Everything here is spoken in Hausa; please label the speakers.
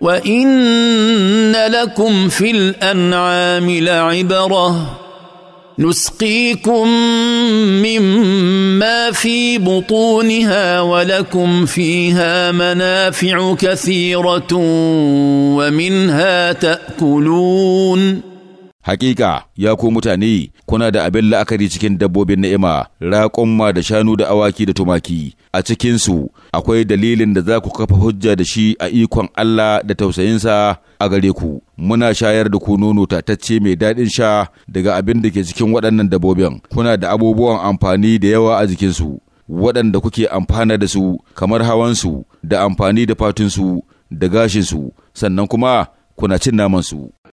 Speaker 1: وان لكم في الانعام لعبره نسقيكم مما في بطونها ولكم فيها منافع كثيره ومنها تاكلون Hakika,
Speaker 2: ya ku mutane, kuna da abin la'akari cikin dabbobin na'ima, raƙumma da shanu da awaki da tumaki, a cikinsu akwai dalilin da za ku kafa hujja da shi a ikon Allah da tausayinsa a gare ku. Muna shayar da ku nono tatacce mai daɗin sha daga abin da ke cikin waɗannan dabbobin, kuna da abubuwan amfani da yawa a jikinsu, waɗanda kuke amfana da su, kamar hawansu, da amfani da fatunsu, da gashinsu, sannan kuma kuna cin namansu.